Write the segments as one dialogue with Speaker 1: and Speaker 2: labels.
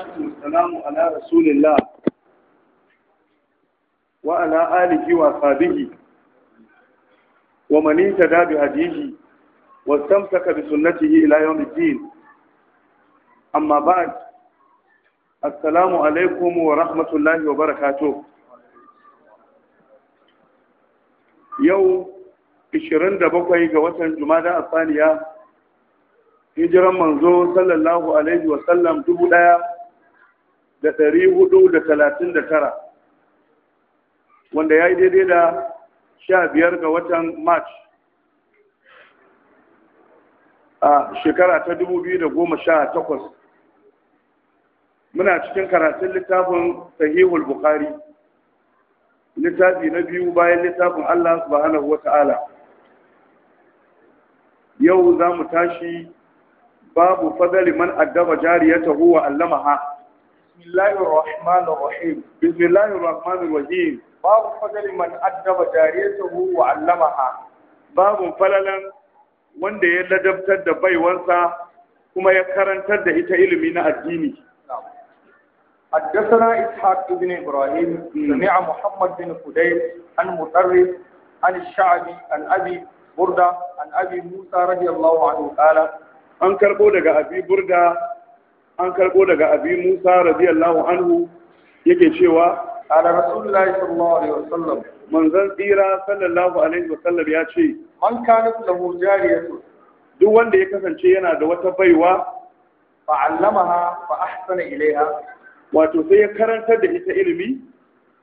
Speaker 1: السلام على رسول الله وعلى آله وصحبه ومن اهتدى بهديه واستمسك بسنته إلى يوم الدين أما بعد السلام عليكم ورحمة الله وبركاته يوم 27 ga watan Jumada Asaniya hijiran manzo sallallahu alaihi wasallam dubu ɗaya da ɗari hudu da talatin da tara wanda ya yi daidai da sha biyar ga watan march a shekara ta dubu biyu da goma sha takwas muna cikin karatun littafin sahihul bukhari littafi na biyu bayan littafin allah subhanahu wa ta'ala yau za mu tashi babu fadali man addaba jariyata huwa ha. بسم الله الرحمن الرحيم بسم الله Babu الرحيم باب فضل من أدب جاريته وعلمها باب فللا wanda ya ladabtar da baiwansa kuma ya karantar da ita ilimi na addini. Haddasana Ishaq ibn Ibrahim, Jami'a Muhammad bin Kudai, an mutarri, an sha'abi, an abi burda, Musa radiyallahu An karbo daga abi burda an karbo daga abi musa radiyallahu anhu yake cewa ala rasulullahi sallallahu alaihi wasallam manzon tsira sallallahu alaihi wasallam ya ce man kanat lahu jariyatu duk wanda ya kasance yana da wata baiwa fa allamaha fa ahsana ilaiha wato sai ya karantar da ita ilimi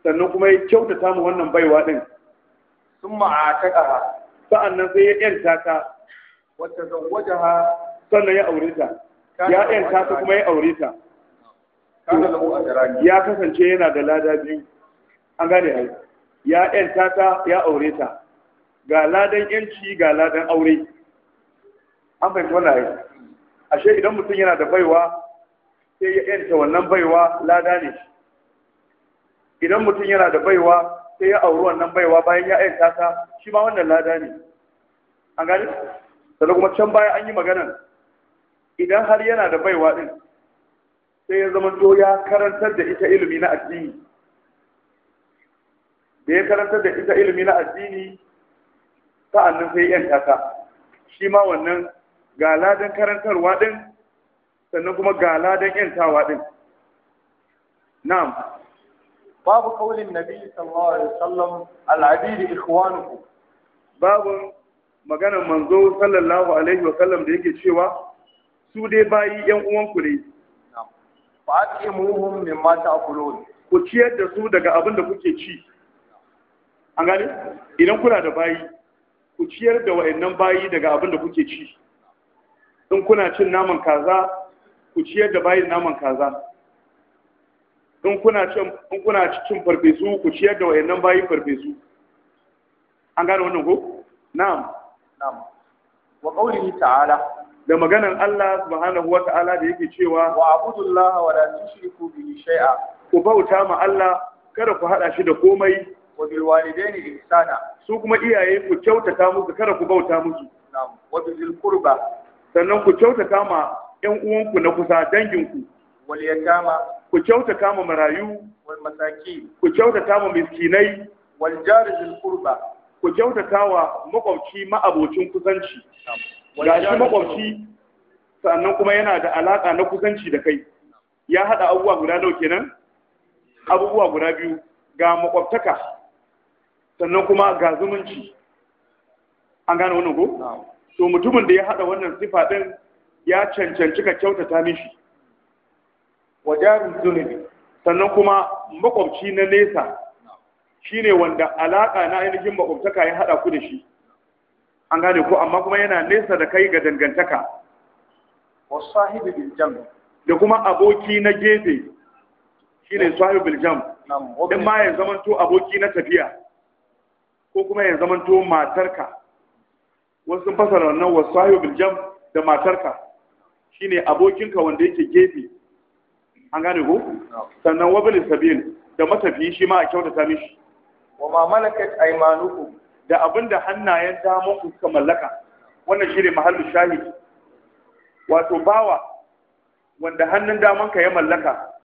Speaker 1: sannan kuma ya kyautata mu wannan baiwa din summa ataqaha sa'annan sai ya yanta ta wata zawwajaha sannan ya aure ta ya yanta ta kuma ya aure ta ya kasance yana da lada biyu an gane hai, ya yanta ta ya aure ta ga ladan yanci ga ladan aure an fahimci wannan hai, ashe idan mutum yana da baiwa sai ya yanta wannan baiwa lada ne idan mutum yana da baiwa sai ya auri wannan baiwa bayan ya yanta ta shi ma wannan lada ne an gane sannan kuma can baya an yi maganan idan har yana da baiwa din sai ya zama to ya karantar da ita ilimi na addini da ya karantar da ita ilimi na addini sa'annan sai yan ta, shi ma wannan ga ladan karantarwa din sannan kuma ga ladan tawa din na'am babu kaulin nabi sallallahu alaihi wasallam al'abidi ikhwanuku babu maganar manzo sallallahu alaihi wasallam da yake cewa su dai bayi yan uwanku ne fa atimuhum mimma ta'kulun ku ciyar da su daga abin da kuke ci an gane idan kuna da bayi ku ciyar da wayannan bayi daga abin da kuke ci in kuna cin naman kaza ku ciyar da bayin naman kaza in kuna cin in kuna cin farfesu ku ciyar da wayannan bayi farfesu an gane wannan ko na'am na'am wa qawlihi ta'ala da maganan Allah subhanahu wa ta'ala da yake cewa wa abudullah wa la tushriku bihi shay'a ku bauta ma Allah kada ku hada shi da komai wa bil walidaini ihsana su kuma iyaye ku kyautata musu kada ku bauta musu na'am wa bil qurba sannan ku kyautata ma ƴan uwanku na kusa danginku wal yatama ku kyautata ma marayu wal masaki. ku kyautata ma miskinai wal jari bil qurba ku kyautata wa makwabci abocin kusanci na'am ga shi makwabci sannan kuma yana da alaƙa na kusanci da kai ya haɗa abubuwa guda nawa kenan abubuwa guda biyu ga makwabtaka sannan kuma ga zumunci an gane wannan ko to mutumin da ya haɗa wannan sifa ɗin ya cancanci ka kyautata mishi wajen zunubi sannan kuma makwabci na nesa shine wanda alaƙa na ainihin makwabtaka ya haɗa ku da shi an gane ko amma kuma yana nesa da kai ga dangantaka wa sahibi bil jam da kuma aboki na gefe shine sahibi bil jam din ma ya zamanto aboki na tafiya ko kuma ya zamanto matarka wasu sun fasara wannan wa sahibi bil jam da matarka shine abokinka wanda yake gefe an gane ko sannan wabil sabil da matafi shi ma a kyautata mishi wa ma malakat aymanukum da abin hannayen damar ku suka mallaka wannan shi ne mahallu wato bawa wanda hannun damanka ya mallaka